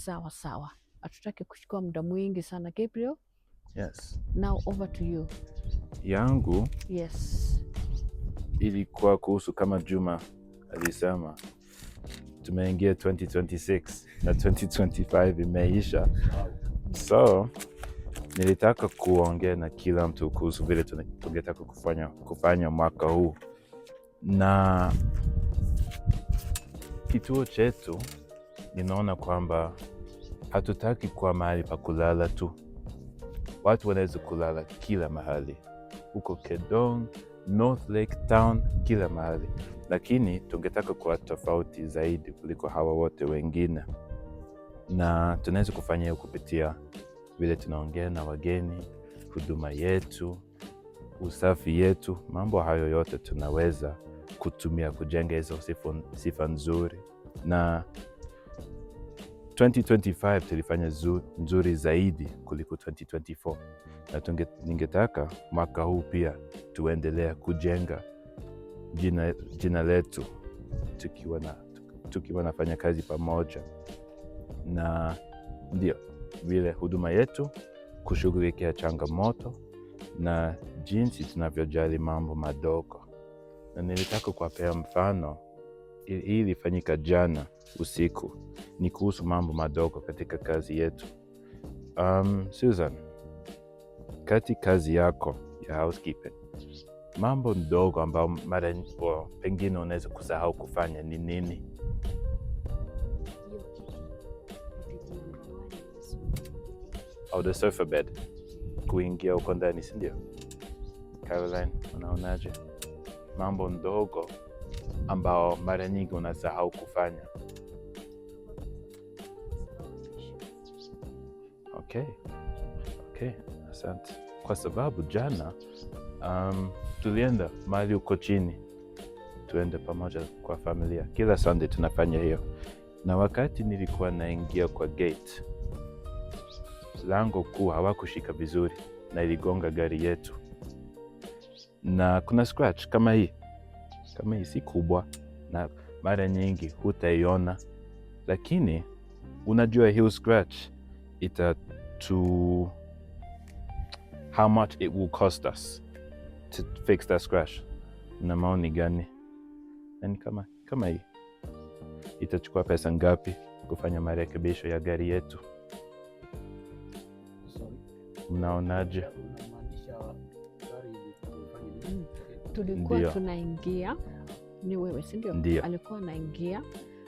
sawa sawa, hatutaki kuchukua muda mwingi sana. Gabriel, yes. Now over to you. yangu yes. ilikuwa kuhusu kama Juma alisema tumeingia 2026 na 2025 imeisha, so nilitaka kuongea na kila mtu kuhusu vile tungetaka kufanya, kufanya mwaka huu na kituo chetu ninaona kwamba hatutaki kuwa mahali pa kulala tu. Watu wanaweza kulala kila mahali huko Kedong, North Lake Town, kila mahali, lakini tungetaka kuwa tofauti zaidi kuliko hawa wote wengine, na tunaweza kufanya hiyo kupitia vile tunaongea na wageni, huduma yetu, usafi yetu, mambo hayo yote tunaweza kutumia kujenga hizo sifa nzuri na 2025 tulifanya nzuri zaidi kuliko 2024 na ningetaka mwaka huu pia tuendelea kujenga jina, jina letu tukiwa na tukiwa nafanya kazi pamoja na ndio vile huduma yetu kushughulikia changamoto na jinsi tunavyojali mambo madogo, na nilitaka kuwapea mfano hii ilifanyika jana usiku, ni kuhusu mambo madogo katika kazi yetu. Um, Susan, kati kazi yako ya housekeeping, mambo ndogo ambayo mara pengine unaweza kusahau kufanya ni nini? Oh, the sofa bed kuingia huko ndani, si ndio? Caroline, unaonaje mambo ndogo ambao mara nyingi unasahau kufanya. Okay, okay, asante. Kwa sababu jana um, tulienda mahali uko chini, tuende pamoja kwa familia. Kila Sunday tunafanya hiyo, na wakati nilikuwa naingia kwa gate lango kuu hawakushika vizuri na iligonga gari yetu, na kuna scratch kama hii kama hii si kubwa na mara nyingi hutaiona, lakini unajua hiyo scratch itatu how much it will cost us to fix that scratch. Na maoni gani? Yani kama, kama hii itachukua pesa ngapi kufanya marekebisho ya gari yetu? Mnaonaje? tulikuwa tunaingia ni wewe si ndio? Alikuwa anaingia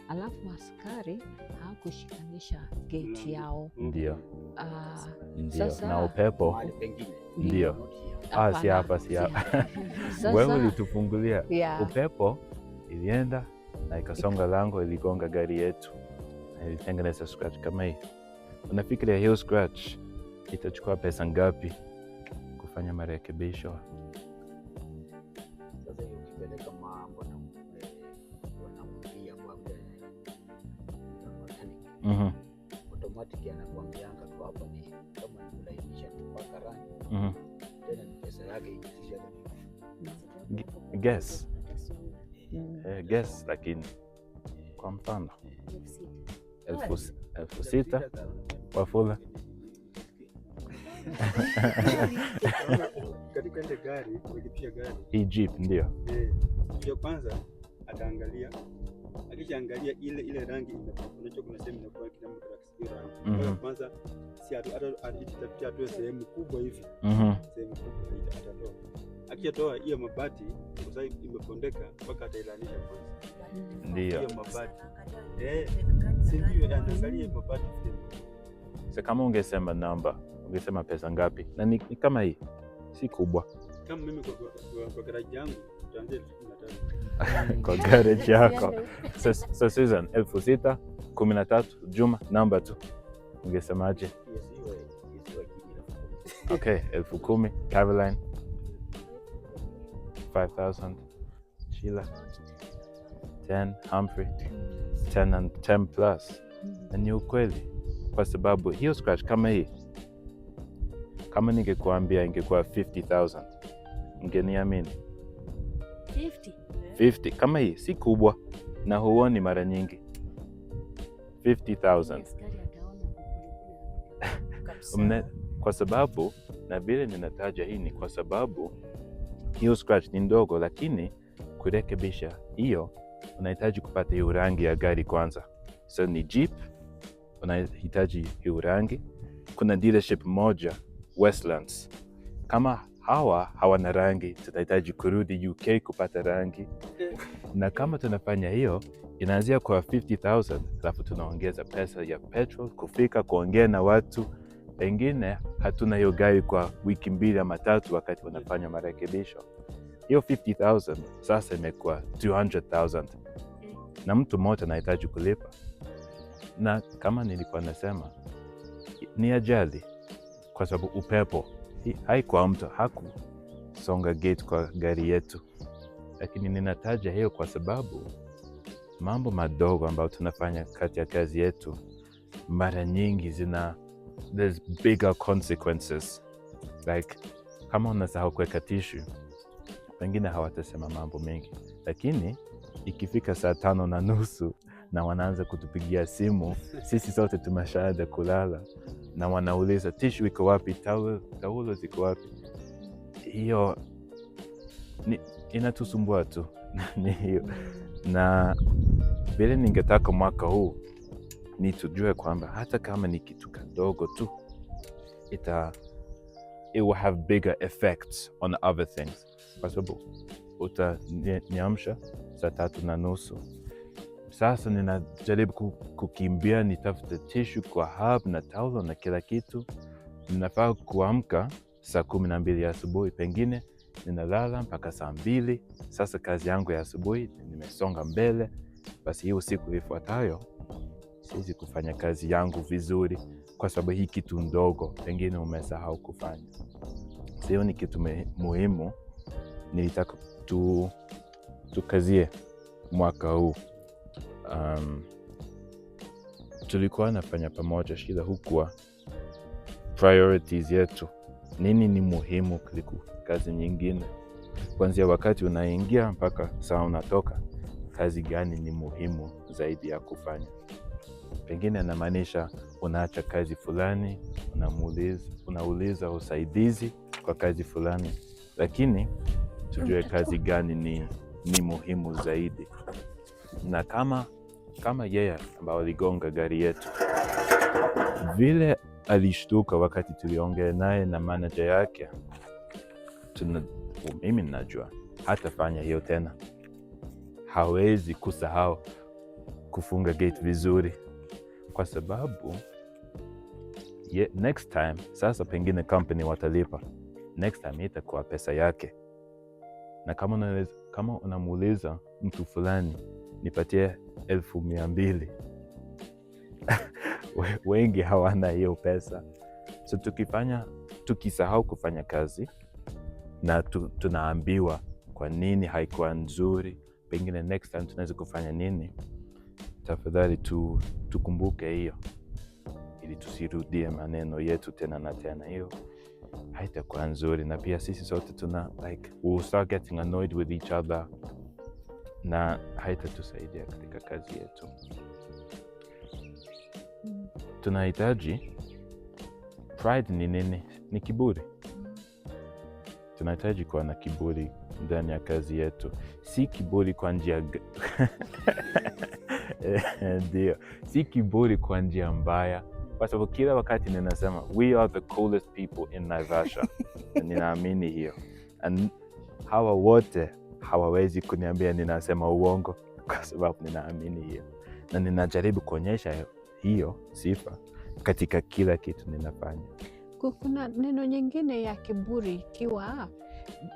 alafu askari hakushikanisha geti yao. Ndio. Ah, na upepo ndio, ah, si hapa, si hapa. Wewe ulitufungulia Upepo ilienda na ikasonga lango, iligonga gari yetu na ilitengeneza scratch kama hii. Unafikiria hiyo scratch itachukua pesa ngapi kufanya marekebisho? Mhm. automatic anakuambianga tu hapa ni kama rangi mhm. tena ni pesa yake eh, lakini kwa mfano elfu sita Wafula katika ile gari gari Egypt eh, ndio kwanza ataangalia akishaangalia ile ile rangi inacho kuna sehemu inakuwa kinamu kila rangi. Kwa hiyo mhm. kwanza si hata hata atoe sehemu kubwa hivi. Mhm. Sehemu kubwa ile atatoa. Akishatoa hiyo mabati kwa sababu imepondeka mpaka atailanisha kwanza. Ndio. Hiyo mabati. Eh, si ndio eh, anaangalia mabati vile. Sasa kama ungesema namba, ungesema pesa ngapi? Na ni kama hii. Si kubwa kama mimi kwa garaji yangu elfu kumi na tatu kwa garaji yako. so Susan, elfu sita kumi na tatu Juma, namba tu ungesemaje? Okay, elfu kumi Caroline 5000 Sheila 10 Humphrey 10 and 10 plus. Na ni ukweli kwa sababu hiyo scratch kama hii, kama ningekuambia ingekuwa 50000 ngeniamini 50. 50 kama hii si kubwa na huoni mara nyingi 50,000 kwa sababu na vile ninataja hii ni kwa sababu hiyo scratch ni ndogo, lakini kurekebisha hiyo unahitaji kupata hiyo rangi ya gari kwanza. So ni jeep, unahitaji hiyo rangi. Kuna dealership moja Westlands, kama hawa hawana rangi, tutahitaji kurudi UK kupata rangi. Na kama tunafanya hiyo, inaanzia kwa 50,000 alafu tunaongeza pesa ya petrol, kufika, kuongea na watu pengine hatuna hiyo gari kwa wiki mbili ama tatu, wakati wanafanya marekebisho. Hiyo 50,000 sasa imekuwa 200,000 na mtu mmoja anahitaji kulipa. Na kama nilikuwa nasema, ni ajali kwa sababu upepo haikuwa mtu hakusonga gate kwa gari yetu, lakini ninataja hiyo kwa sababu mambo madogo ambayo tunafanya kati ya kazi yetu mara nyingi zina there's bigger consequences like kama unasahau kuweka tishu, pengine hawatasema mambo mengi, lakini ikifika saa tano na nusu na wanaanza kutupigia simu, sisi sote tumeshaanza kulala, na wanauliza tishu iko wapi, taulo ziko wapi. Hiyo inatusumbua tu hiyo na vile ningetaka mwaka huu ni tujue kwamba hata kama ni kitu kadogo tu ita uh, it will have bigger effects on other things, kwa sababu utaniamsha saa tatu na nusu sasa ninajaribu kukimbia nitafute tishu kwa hub na taulo na kila kitu. Ninafaa kuamka saa kumi na mbili ya asubuhi, pengine ninalala mpaka saa mbili. Sasa kazi yangu ya asubuhi nimesonga mbele, basi hii usiku ifuatayo siwezi kufanya kazi yangu vizuri, kwa sababu hii kitu ndogo pengine umesahau kufanya. Sio ni kitu muhimu, nilitaka tu tukazie mwaka huu um, tulikuwa nafanya pamoja shida hukuwa priorities yetu, nini ni muhimu kuliko kazi nyingine, kuanzia wakati unaingia mpaka saa unatoka, kazi gani ni muhimu zaidi ya kufanya. Pengine anamaanisha unaacha kazi fulani, unamuuliza, unauliza usaidizi kwa kazi fulani, lakini tujue kazi gani ni, ni muhimu zaidi na kama kama yeye ambao aligonga gari yetu vile alishtuka wakati tuliongea naye na manaja yake, tuna mimi najua hatafanya hiyo tena. Hawezi kusahau kufunga gate vizuri, kwa sababu ye, next time sasa, pengine company watalipa next time, itakuwa pesa yake. Na kama unamuuliza mtu fulani nipatie elfu mia mbili wengi hawana hiyo pesa. So tukifanya tukisahau kufanya kazi na tu, tunaambiwa kwa nini haikuwa nzuri, pengine next time tunaweza kufanya nini. Tafadhali tu, tukumbuke hiyo ili tusirudie maneno yetu tena na tena, hiyo haitakuwa nzuri. Na pia sisi sote tuna like we'll start getting annoyed with each other na haitatusaidia katika kazi yetu. Tunahitaji pride. Ni nini? Ni kiburi. Tunahitaji kuwa na kiburi ndani ya kazi yetu, si kiburi kwa njia ndio, si kiburi kwa njia mbaya, kwa sababu kila wakati ninasema we are the coolest people in Naivasha. Ninaamini hiyo, and hawa wote hawawezi kuniambia ninasema uongo, kwa sababu ninaamini hiyo na ninajaribu kuonyesha hiyo sifa katika kila kitu ninafanya. Kuna neno nyingine ya kiburi, ikiwa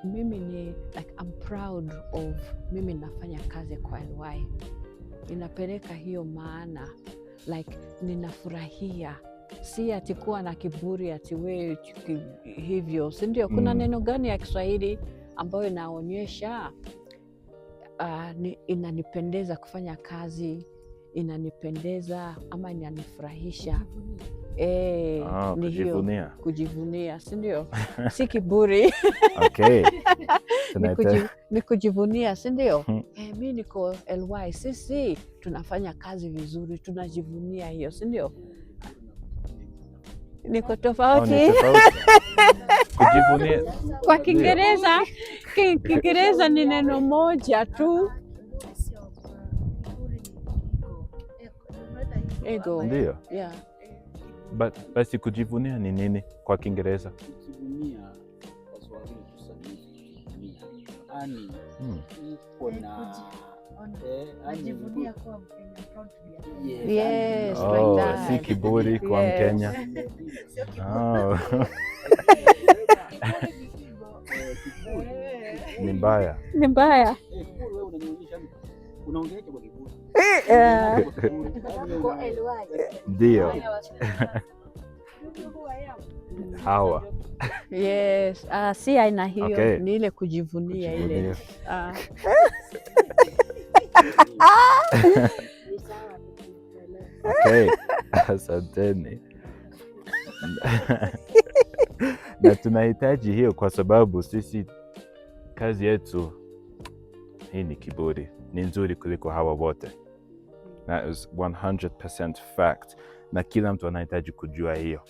mimi ni like, I'm proud of mimi nafanya kazi kwa LY, inapeleka hiyo maana like ninafurahia si ati kuwa na kiburi ati we hivyo, sindio Kuna mm. neno gani ya Kiswahili ambayo inaonyesha uh, inanipendeza kufanya kazi, inanipendeza ama inanifurahisha. E, oh, ni kujivunia, kujivunia si ndio? si kiburi okay. ni kujivunia si ndio? E, mi niko ly sisi tunafanya kazi vizuri, tunajivunia hiyo si ndio? niko tofauti oh, kujivunia kwa Kiingereza. Kiingereza ni neno moja tu, ego. Ndio, yeah. basi kujivunia ni nini kwa Kiingereza? si kiburi kwa Mkenya. mbaya, ni mbaya. Ndio hawa yes. Uh, si aina hiyo okay. Ni ile kujivunia ile uh. Okay. Asanteni. na tunahitaji hiyo kwa sababu sisi kazi yetu hii ni kiburi, ni nzuri kuliko hawa wote. That is 100% fact, na kila mtu anahitaji kujua hiyo,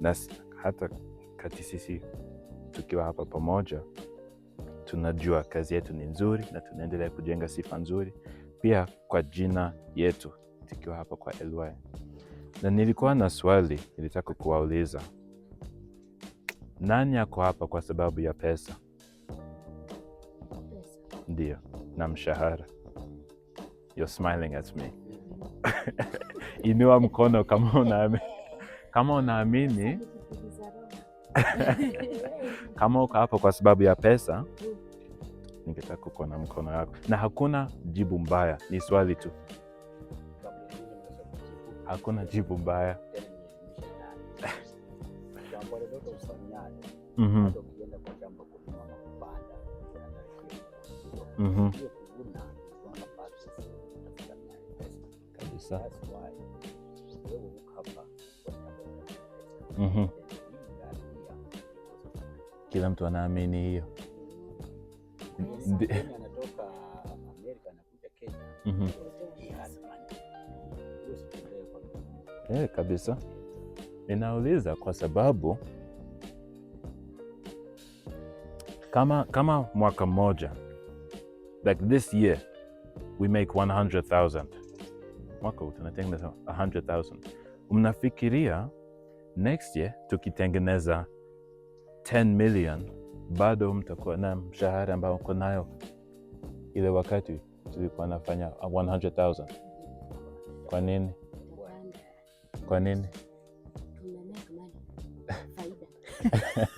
na hata kati sisi tukiwa hapa pamoja tunajua kazi yetu ni nzuri na tunaendelea kujenga sifa nzuri pia kwa jina yetu tukiwa hapa kwa LY. Na nilikuwa na swali nilitaka kuwauliza, nani ako hapa kwa sababu ya pesa? Ndio, na mshahara. You're smiling at me. Inua mkono kama unaamini, kama unaamini kama uko hapo kwa sababu ya pesa, ningetaka na mkono wako, na hakuna jibu mbaya, ni swali tu. Hakuna jibu mbaya. mm -hmm. Mm-hmm. kabisa mm-hmm. Kila mtu anaamini hiyo mm-hmm. eh, kabisa ninauliza kwa sababu kama, kama mwaka mmoja like this year we make 100,000 mwaka utanatengeneza 100,000. Mnafikiria next year tukitengeneza 10 million, bado mtakuwa na mshahara ambao uko nayo ile wakati tulikuwa nafanya 100,000. Kwa nini? Kwa nini?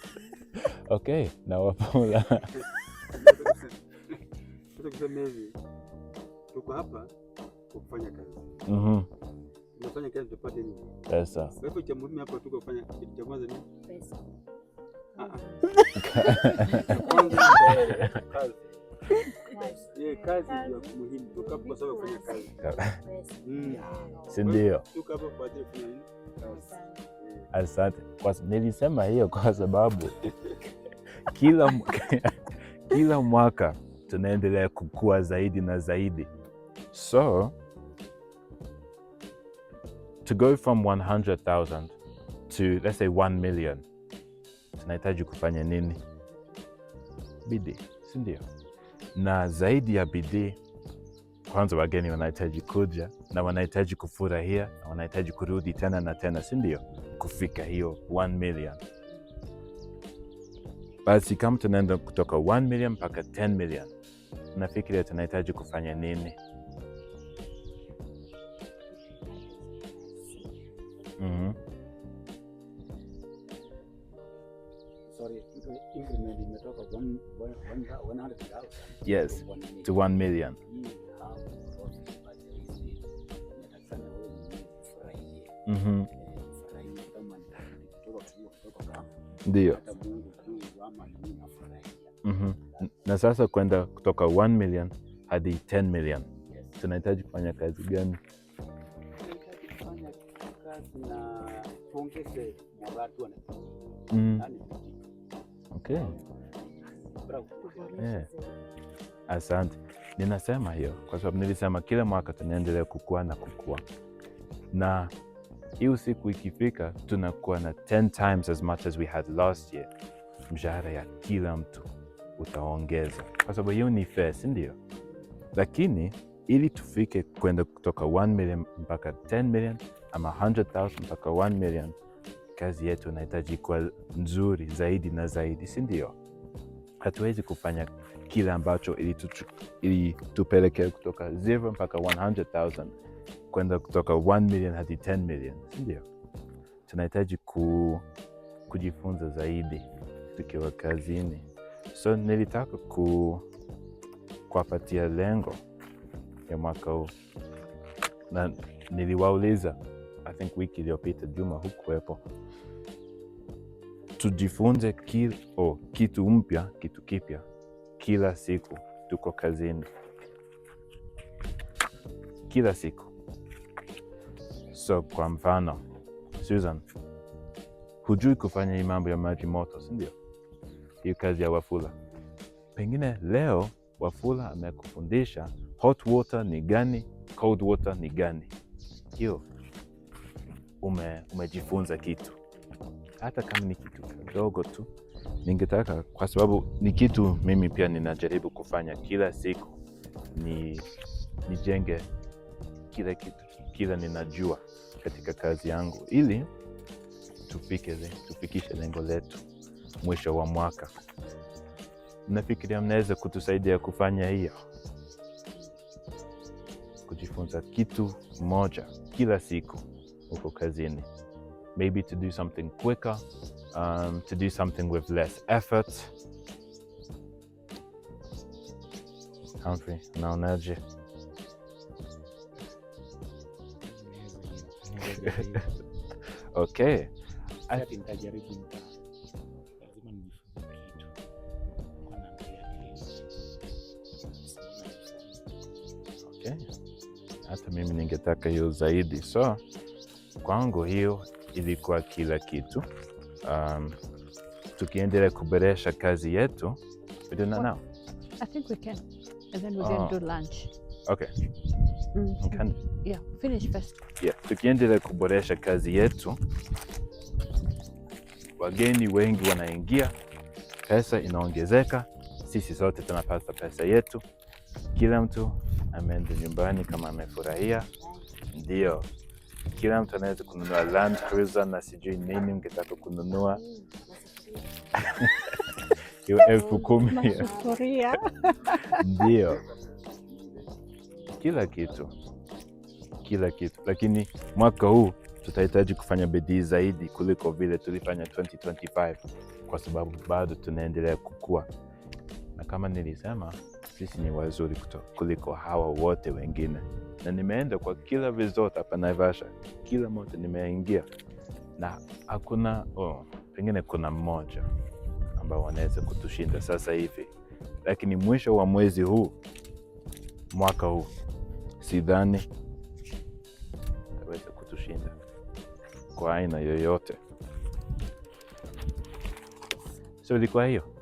Okay, nawapula Tunaweza kusema hivi, tuko hapa kwa kufanya kazi. Mhm. Tunafanya kazi tupate nini? Pesa. Kwa hivyo cha muhimu hapa tuko kufanya kitu cha kwanza Pesa. Ah, ah. Kazi muhimu, tuko hapa kwa sababu kufanya kazi. Si ndio? Tuko hapa kwa ajili ya kufanya nini? Asante. Kwa nilisema hiyo kwa sababu kila kila mwaka tunaendelea kukua zaidi na zaidi. So to go from 100,000 to let's say 1 million, tunahitaji kufanya nini? Bidii, si ndio? Na zaidi ya bidii, kwanza wageni wanahitaji kuja na wanahitaji kufurahia na wanahitaji kurudi tena na tena, si ndio? Kufika hiyo 1 million. Basi kama tunaenda kutoka 1 million mpaka 10 million Nafikiri tunahitaji kufanya nini? mm -hmm. Yes, to 1 million. Mm-hmm. Ndio. Mm-hmm na sasa kwenda kutoka 1 million hadi 10 million yes. Tunahitaji kufanya kazi gani? Mm. Okay. Yeah. Asante, ninasema hiyo kwa sababu nilisema kila mwaka tunaendelea kukua na kukua, na hiyo siku ikifika tunakuwa na 10 times as much as we had last year, mshahara ya kila mtu utaongeza, kwa sababu hiyo ni fair, si ndio? Lakini ili tufike kwenda kutoka 1 million mpaka 10 million ama 100,000 mpaka 1 million, kazi yetu inahitaji kuwa nzuri zaidi na zaidi, si ndio? Hatuwezi kufanya kile ambacho ilitupelekea ili kutoka 0 mpaka 100,000 kwenda kutoka 1 million hadi 10 million, si ndio? Tunahitaji ku, kujifunza zaidi tukiwa kazini. So nilitaka ku kuwapatia lengo ya mwaka huu, na niliwauliza I think wiki iliyopita, Juma hukuwepo, tujifunze ki, oh, kitu mpya, kitu kipya kila siku. Tuko kazini kila siku, so kwa mfano, Susan, hujui kufanya hii mambo ya maji moto, sindio? hiyo kazi ya Wafula. Pengine leo Wafula amekufundisha hot water ni gani, cold water ni gani. Hiyo ume, umejifunza kitu, hata kama ni kitu kidogo tu. Ningetaka kwa sababu ni kitu mimi pia ninajaribu kufanya kila siku, ni nijenge kila kitu kila ninajua katika kazi yangu, ili tupike, tufikishe lengo letu mwisho wa mwaka. Nafikiria mnaweza kutusaidia kufanya hiyo, kujifunza kitu moja kila siku huko kazini, maybe to do something quicker, um, to do something with less effort. Humphrey, naonaje? Okay. mimi ningetaka hiyo zaidi, so kwangu hiyo ilikuwa kila kitu. Um, tukiendelea kuboresha kazi yetu oh. mm-hmm. tukiendelea kuboresha kazi yetu wageni wengi wanaingia, pesa inaongezeka, sisi sote tunapata pesa yetu, kila mtu ameenda nyumbani kama amefurahia. Ndio kila mtu anaweza kununua Land Cruiser na sijui nini, mkitaka kununua hiyo elfu kumi ndio kila kitu, kila kitu. Lakini mwaka huu tutahitaji kufanya bidii zaidi kuliko vile tulifanya 2025 kwa sababu bado tunaendelea kukua, na kama nilisema sisi ni wazuri kuliko hawa wote wengine, na nimeenda kwa kila resort hapa Naivasha, kila moja nimeingia na hakuna oh, pengine kuna mmoja ambao wanaweza kutushinda sasa hivi, lakini mwisho wa mwezi huu mwaka huu sidhani taweza kutushinda kwa aina yoyote. So ilikuwa hiyo.